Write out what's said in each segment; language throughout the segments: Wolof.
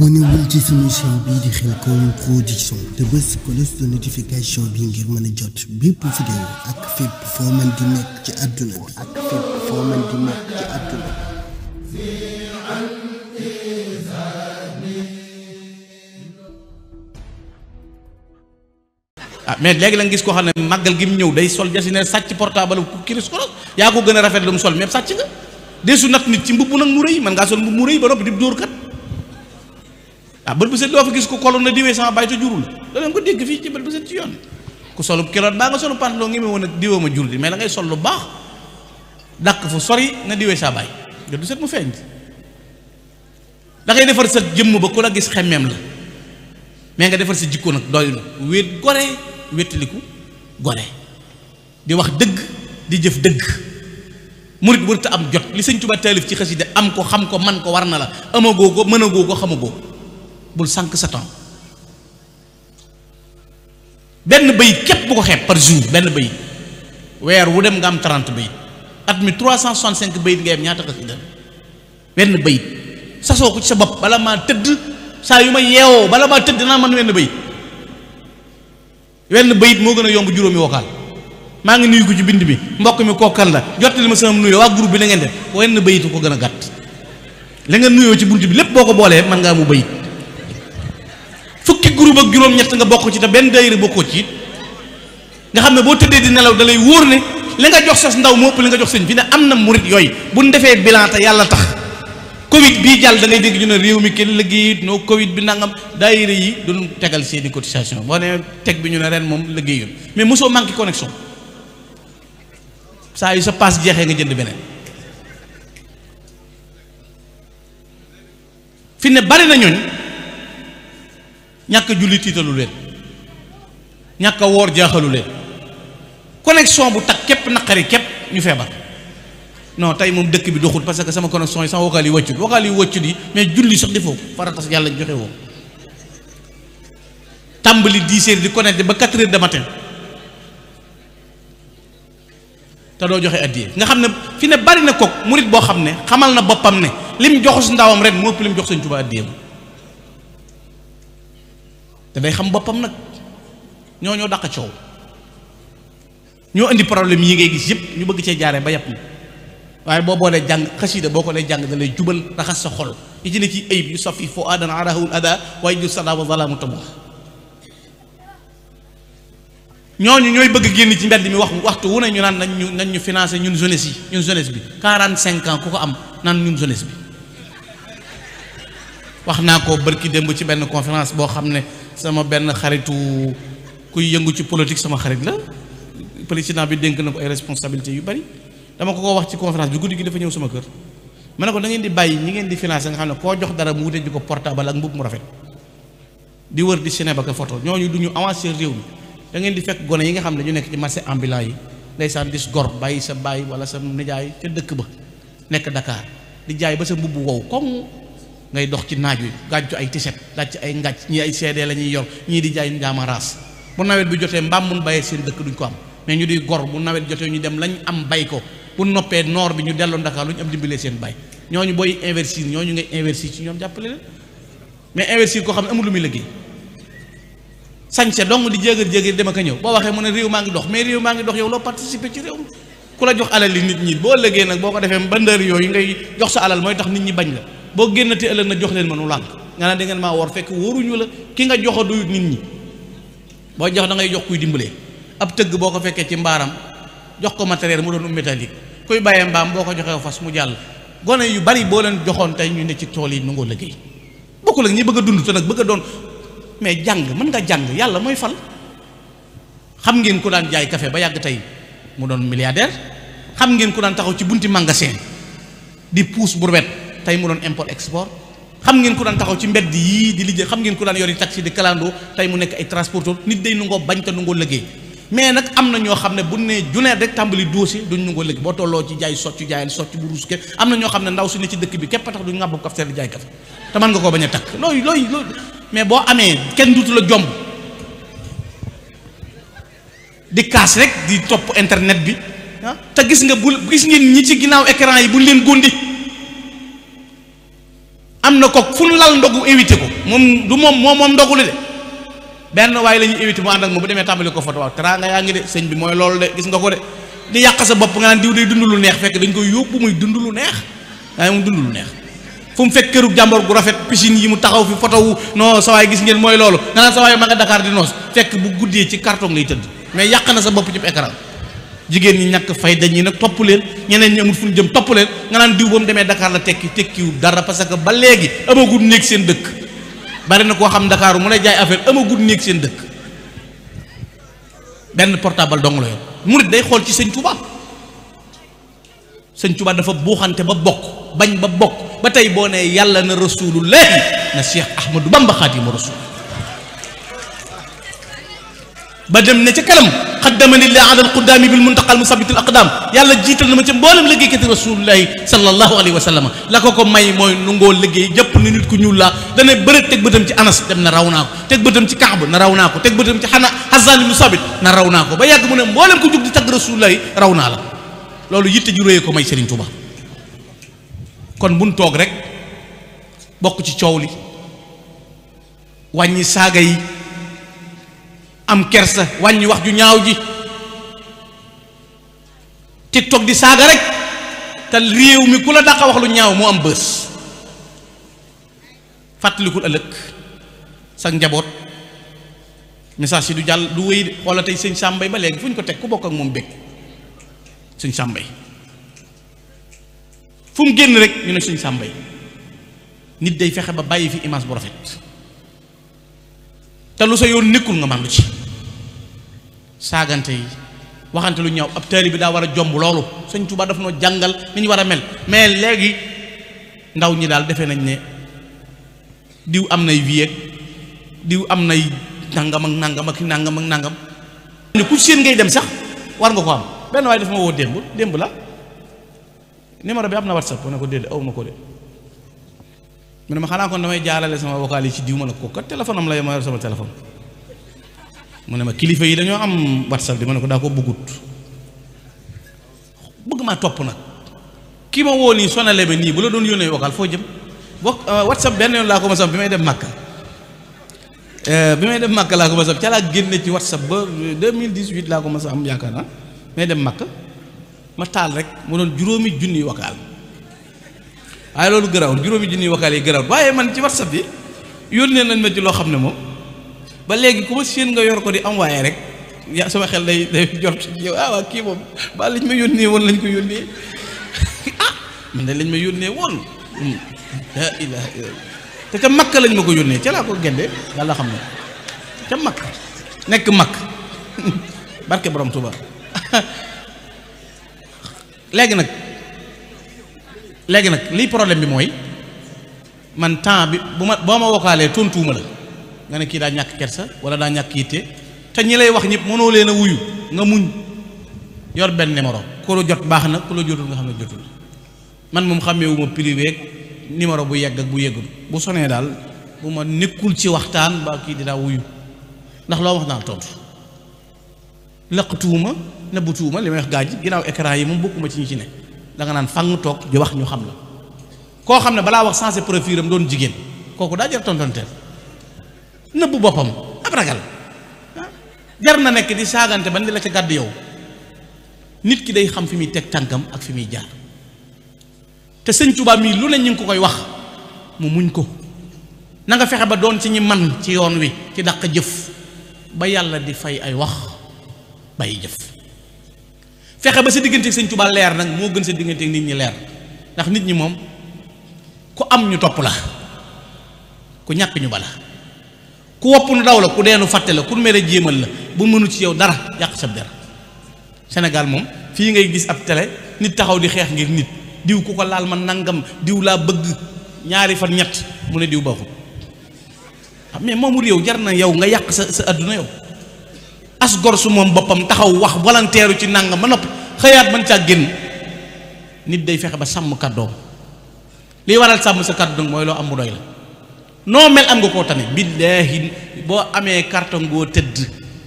abonewul ci suñu chaîne bii di Khelcom production te bés cloche de notification bi ngir mën a mën di nekk ci bi ak fépp foo mën di nekk bi ah mais léegi la nga gis koo xam ne màggal gi mu ñëw day sol jasine sàcc portable ku kiris kolos yaa ko gën a rafet lu mu sol mais sàcc nga deesu nag nit ci mbubb nag mu rëy man ngaa sol mbubb mu rëy ba noppi di dóor kat ah dua bu do fa gis ku na diwe sama bayta jurul da leen ko dégg fi ci bëb bu ci yoon ku solo kiloot ba nga solo pantalon ngi mu wona a ma jurul di mais la ngay solo bax dak fu sori na diwe sa bay bët du set mu feeñ da ngay defar sa jëm ba ku la gis xemmeem la mais nga defar sa jikko nak doy na gore wéttaliku gore di wax dëgg di jëf dëgg murid wërta am jot li sëñ Tuubaa talif ci xasida am ko xam ko man ko warna la amago go meñago go xamago bul sank sa temps ben bayit kep bu ko xep par jour ben bayit wer wu dem nga am 30 bayit at mi 365 bayit ngay am ñata ko ñaata ben benn sa so ko ci sa bopp bala ma teud sa yu ma yeewoo bala ma teud na man wenn bayit wenn bayit mo gëna yomb juróomi wokal ma ngi nuyu ko ci bind bi mbokk mi ko kan la jotali ma sama nuyu wa groupe bi na ngeen def wenn bayitu ko gëna gatt la nga nuyu ci buntu bi lepp boko bolé man nga mu bayit groupe ak juróom-ñett nga bokk ci te benn daayira bokkoo ci nga xam ne boo tëddee di nelaw dalay wóor ne li nga jox sas ndaw moo ëpp li nga jox sëñ fi ne am na murit yooyu bu ñu defee bilan yàlla tax Covid bii jàll da ngay dégg ñu ne réew mi kenn liggéeyut noo Covid bi nangam daayira yi duñu tegal seeni cotisation boo nee teg bi ñu ne ren moom liggéeyul mais mosoo manqué connexion saa yu sa paas jeexee nga jënd beneen fi ne bari na ñooñ ñàkk julli tiitalu leen ñàkk woor jaaxalu leen connexion bu takk képp naqari képp ñu feebar non tey moom dëkk bi doxul parce que sama connexion yi sax wokkaal yi wàccut wokkaal yi wàccut yi mais julli sax defoo faratas yàlla joxe woo tàmbali dix heures di connecté ba quatre heures de matin te doo joxe addiye nga xam ne fi ne bari na kook murit boo xam ne xamal na boppam ne lim joxus ndawam rek moo ëpp lim jox Sëñ Tuubaa addiye dafay xam boppam nag ñoo ñoo daq coow ñoo indi problème yi ngay gis yëpp ñu bëgg cee jaaree ba yàpp na waaye boo boolee jàng xasida boo ko lay jàng da jubal raxas sa xol yi ci ne ci ayib yu safi foo aadana arahul ada waaye ju sada wa zalaamu tamoo ñooñu ñooy bëgg génn ci mbedd mi wax waxtu wu ne ñu naan nañ ñu nañ ñu financé ñun jeunesse yi ñun jeunesse bi 45 ans ku ko am naan ñun jeunesse bi wax naa ko bërki démb ci benn conférence boo xam ne sama ben xaritu kuy yëngu ci politique sama xarit la président bi denk na ko ay responsabilité yu bari dama ko ko wax ci conférence bi guddi gi dafa ñew sama kër mané ko da ngeen di bayyi ñi ngeen di finance nga xamne ko jox dara mu wuté ji portable ak mbub mu rafet di wër di ciné ba photo ñooñu du ñu réew mi da ngeen di fekk gone yi nga xamne ñu nekk ci marché ambulant yi ndaysan dis gor bayyi sa bayyi wala sa nijaay ci dëkk ba nekk Dakar di jaay ba sa wow ngay dox ci naaj wi gàjj gàccu ay tiset gàcc ay ngàcc ñii ay seedee la ñuy yor ñii di jaay njaama raas bu nawet bi jotee mbaam mun bàyyee seen dëkk duñ ko am mais ñu di gor bu nawet jotee ñu dem lañ am bay ko bu noppee noor bi ñu delloo Ndakaar lu ñu am dimbalee seen bay ñooñu booy investir ñooñu ngay investir ci ñoom jàppale leen mais investir koo xam ne amul lu muy liggéey sañse dong di jéegar jéegar dem ak a ñëw boo waxee mu ne réew maa ngi dox mais réew maa ngi dox yow loo participer ci réew mi ku nit ñi boo liggéey nag boo ko defee bandeur yooyu ngay jox sa alal mooy tax nit ñi bañ la bo gennati ëlëk na jox leen ma nu lànk nga na da ngeen ma wor fekk wóoruñu la ki nga joxo a nit ñi bo jox da ngay jox kuy dimbalé ab tëgg boko fekke ci mbaram jox ko matériel mu doon um métallique kuy baye mbam boko joxé fas mu jall gone yu bari bo leen joxon tay ñu ne ci tool yi nu ngoo liggéey bokkul ak ñi bëgg dund te nak bëgg doon mais jang man nga jang yalla moy fal xam ngeen ku daan jaay café ba yag tay mu doon milliardaire xam ngeen ku daan taxaw ci bunti magasin di pousse bourbette tay mu don import export xam ngeen ku dan taxaw ci mbedd yi di liggéey xam ngeen ku dan yori taxi de Kalando. tay mu nek ay transporteur nit day nungo bañ ta nungo liggey mais nak amna ño xamne bu ne juné rek tambali dossier duñ nungo liggéey bo tolo ci jaay soccu jaay soccu bu ruus amna ño xamne ndaw su ne ci dekk bi kep tax duñ ko di jaay te man nga ko baña tak loy loy mais bo amé ken dutu ak jom di kas rek di top internet bi ah. ta gis nga bu gis ngeen ñi ci ginaaw écran yi bu leen gondi am na ko fu nu lal ndogu évité ko moom du moom moom moom ndogu li de benn waaye la ñuy évité mu ànd ak moom bu demee tàmbali ko foto waaw teraanga yaa ngi de sëñ bi mooy loolu de gis nga ko de di yàq sa bopp nga naan diw day dund lu neex fekk dañ koy yóbbu muy dund lu neex waaye moom dund lu neex fu mu fekk këru jàmbor gu rafet piscine yi mu taxaw fi photo noo non sawaay gis ngeen mooy loolu nga naan sawaay ma nga Dakar di noos fekk bu guddee ci carton lay tëdd mais yàq na sa bopp ci jigéen ñi ñàkk fayda ñi nag topp leen ñeneen ñi amul fu jëm topp leen nga naan diw ba mu demee Dakar la tekki tekkiwu dara parce que ba léegi amagul néeg seen dëkk bari na koo xam ndakaaru mu lay jaay affaire amagul néeg seen dëkk portable dong la yor day xool ci sëñ Touba sëñ Touba dafa buuxante ba bokk bañ ba bokk ba tey boo nee yàlla na rasulullahi na Cheikh Ahmadou Bamba Xaadimu Rasul ba dem ne ca kanam xaddamani li ala alquddaami bil muntaqal musabitul aqdaam yàlla jiital na ma ca mboolem liggéeykati rasulullahi sallallahu alayhi wa la ko ko may mooy nungoo liggéey jëpp ni nit ku ñuul laa dana bëri teg bëtam ci anas dem na raw naa ko teg bëtam ci kaab na raw naa ko teg bëtam ci xana xasan ibnu sabit na raw naa ko ba yàgg mu ne mboolem ku jóg di tagg rasulullahi raw naa la loolu yitte ju réyee ko may Serigne Touba kon buñ toog rek bokk ci coow li wàññi yi am kersa wañi wax ju ñaaw ji tiktok di saga rek ta rew mi kula la wax lu ñaaw mo am bës fàttalikul ëllëg sak njabot message ci du jall du wéy xoola tey sëñ ba léegi fuñ ko tek ku bokk ak mom bekk seigne sambay fu mu rek ñu ne seigne sambay nit day fexé ba bayyi fi image bu rafet lu sa yoon nekkul nga ci saagante yi waxante lu ñaaw ab taalibe bi daa war a jomb loolu sëñ Tuubaa daf noo jàngal ni ñu war a mel mais léegi ndaw ñi daal defee nañ ne diw am nay vie diw am nay nangam ak nangam ak nangam ak nangam. ne ku seen ngay dem sax war nga ko am benn waaye dafa ma woo démb démb la numéro bi am na whatsapp ma ne ko de aw ma ko de mu ne ma xanaa kon damay jaarale sama vocal yi ci diw ma ne ko kat téléphone am la yem sama téléphone. mu ne ma kilifa yi dañoo am whatsapp di ma ne ko daa ko bëggut bëgg maa topp nag ki ma woo nii sonale ba nii bu la doon yónnee vocal foo jëm boo euh, whatsapp benn yoon laa ko ma sam bi may dem Makka euh, bi may dem Makka laa ko ma sam ca laa génne ci whatsapp ba 2018 laa ko ma sa am yaakaar naa may dem makk ma taal rek mu doon juróomi junniy vocal waaye loolu garaawul juróomi junniy vocal yi garaawul waaye man ci whatsapp bi yónnee nañ ma ci loo xam ne moom ba léegi ku ma séen nga yor ko di envoyé rek ya sama xel day day jot yow ah waa kii moom ba lañ ma yónnee woon lañu ko yónnee ah man de lañ ma yónnee woon hmm. la ilaha te ca makka lañ ma ko yónnee ca laa ko gendee yàlla xam ne ca makka nekk makk barke borom Tuuba léegi nag léegi nag liy problème bi mooy man temps bi bu ma boo ma wokkaalee tontuuma la nga ne kii daa ñàkk kersa wala daa ñàkk yitte te ñi lay wax ñëpp mënoo leen a wuyu nga muñ yor benn numéro ku jot baax na ku la jotul nga xam ne jotul man moom xàmmeewuma privé ak numéro bu yegg ak bu yeggul bu sonee daal bu ma nekkul ci waxtaan ba kii dinaa wuyu ndax loo wax naa tontu laqtuuma nëbbutuuma li may wax gaa ji ginnaaw écran yi moom bokkuma ci ñi ci ne da nga naan fang toog di wax ñu xam la xam ne balaa wax sensé profil am doon jigéen kooku daa jar tontonteel Nebu bopam ap ragal jar na nek di sagante ban dila ci gaddu yow nit ki day xam fi mi tek tankam ak fi mi jaar te seigne touba mi lu ne ñing ko koy wax mu muñ ko na nga fexe ba doon ci ñi man ci yoon wi ci dakk jëf ba yalla di fay ay wax bay jëf fexe ba sa diggante ak leer nak mo gën sa digënté nit ñi leer ndax nit ñi mom ku am ñu top la ku ñak ñu bala ku wopp nu daw la ku deenu fàtte la ku mere jéemal la bu mënul ci yow dara yàq sa der Sénégal moom fii ngay gis ab télé nit taxaw di xeex ngir nit diw ku ko laal ma nangam diw laa bëgg ñaari fan ñett mu ne diw baaxul ah, mais moomu yow jar na yow nga yàq sa sa àdduna yow as gor su moom boppam taxaw wax volontaire ci nangam ba nopp xëyaat man caa génn nit day fexe ba sàmm kàddoom liy waral sàmm sa kàddu mooy loo am mu doy la noo mel am nga koo tane billaahi boo amee carton goo tëdd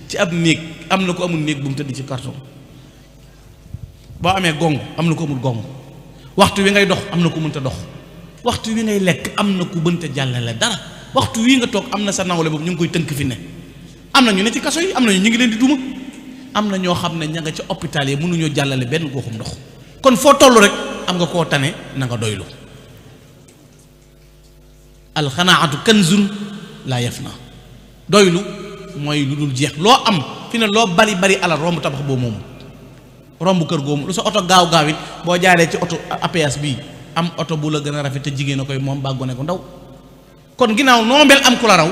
ci ab néeg am na ko amul néeg bu mu tëdd ci carton boo amee gong am na ko amul gong waxtu wi ngay dox am na ko mënta dox waxtu wi ngay lekk am na ku mënta jàllale dara waxtu wii nga toog am na sa nawle boobu ñu ngi koy tënk fi ne am na ñu ne ci kaso yi am na ñu ngi leen di duma am na ñoo xam ne ña nga ca hôpital yi mënuñoo jàllale benn goxum ndox kon foo toll rek am nga koo tane na nga doylu القناعه كنز لا يفنى دويلو موي لودول جيخ لو ام فينا لو باري باري على روم تابخ بو موم روم كير غوم لو سا اوتو غاو غاوين بو جالي سي اوتو ابي اس بي ام اوتو بو لا غنا رافي تا جيغي نكاي موم با غوني كو نداو كون غيناو نومبل ام كولا راو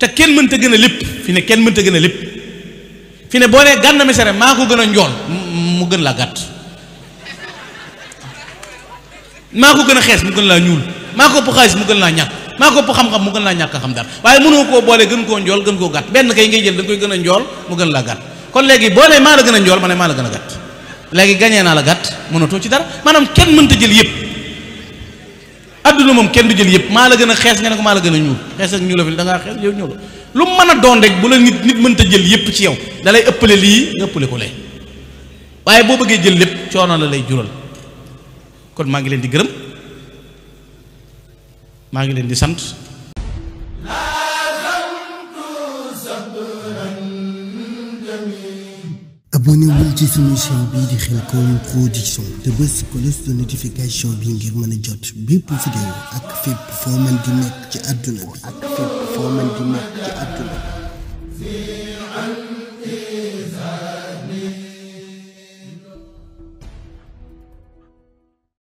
تا كين مانتا غنا ليب فينا كين مانتا غنا ليب فينا بو ري غان مي سري ماكو غنا نجول مو غن لا غات ماكو غنا خيس مو غن لا نيول maa ko ëpp xaalis mu gën laa ñàkk maa ko ëpp xam-xam mu gën laa ñàkk a xam dara waaye mënoo koo boole gën koo njool gën koo gàtt benn kay ngay jël da koy gën a njool mu gën laa gàtt kon léegi boo nee maa la gën a njool ma ne maa la gën a gàtt léegi gañee naa la gàtt mënatoo ci dara maanaam kenn mënta jël yëpp adduna moom kenn du jël yëpp maa la gën a xees nga ne ko maa la gën a ñuul xees ak ñuula fi da ngaa xees yow ñuula lu mën a doon rek bu la nit nit mënta jël yëpp ci yow da lay lii nga ko lee waaye boo bëggee jël lépp coono la lay jural kon maa ngi leen di gërëm maa ngi leen di sant abonnez-vous ci suñu chaîne bii di Khelcom production te bés cloche de notification bi ngir mën a jot bépp vidéo ak fépp foo di nekk ci àdduna bi ak fépp foo di nekk ci àdduna bi